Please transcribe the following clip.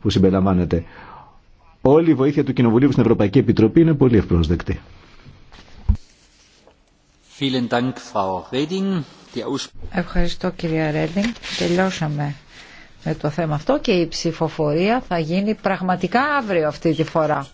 που συμπεριλαμβάνεται. Όλη η βοήθεια του Κοινοβουλίου στην Ευρωπαϊκή Επιτροπή είναι πολύ ευπρόσδεκτη. Ευχαριστώ κυρία Ρέντινγκ. Τελειώσαμε με το θέμα αυτό και η ψηφοφορία θα γίνει πραγματικά αύριο αυτή τη φορά.